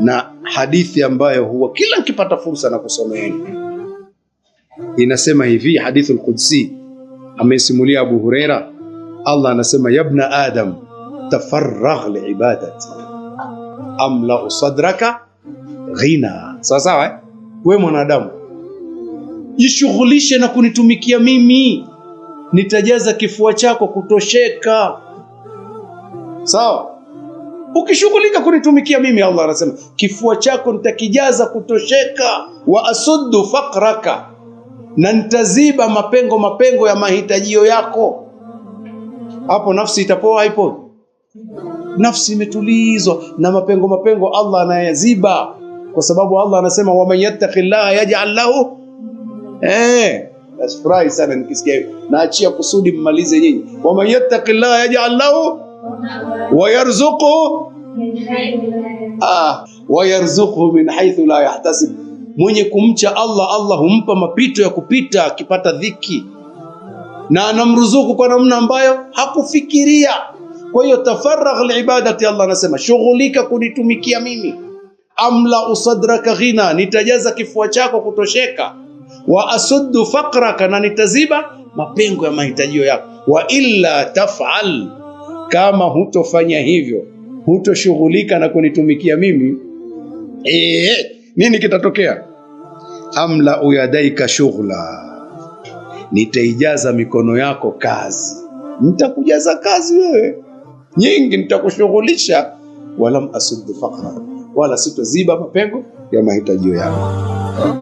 na hadithi ambayo huwa kila nikipata fursa na kusomeeni, inasema hivi hadithi al-Qudsi, amesimulia Abu Huraira. Allah anasema yabna adam tafarragh liibadati amlau sadraka ghina. Sawa sawa eh? We mwanadamu, jishughulishe na kunitumikia mimi, nitajaza kifua chako kutosheka. Sawa ukishughulika kunitumikia mimi, Allah anasema kifua chako nitakijaza kutosheka, wa asuddu fakraka, na nitaziba mapengo mapengo ya mahitajio yako. Hapo nafsi itapoa, ipo Nafsi imetulizwa na mapengo mapengo, Allah anayaziba kwa sababu Allah anasema waman yattaqi llaha yaj'al lahu eh. Nafurahi sana nikisikia hivyo, naachia kusudi mmalize nyinyi, waman yattaqi llaha yaj'al lahu wayarzuqhu ah, wayarzuqhu min haithu la yahtasib. Mwenye kumcha Allah, Allah humpa mapito ya kupita akipata dhiki, na anamruzuku kwa namna ambayo hakufikiria. Kwa hiyo tafaragh liibadati, Allah anasema shughulika kunitumikia mimi. Amla usadraka ghina, nitajaza kifua chako kutosheka. Wa asuddu faqraka, na nitaziba mapengo ya mahitajio yako. Wa illa tafal kama hutofanya hivyo, hutoshughulika na kunitumikia mimi, ee, nini kitatokea? amla uyadaika shughla, nitaijaza mikono yako kazi. Nitakujaza kazi wewe nyingi, nitakushughulisha. Walam asuddu fakra, wala sitoziba mapengo ya mahitajio yako.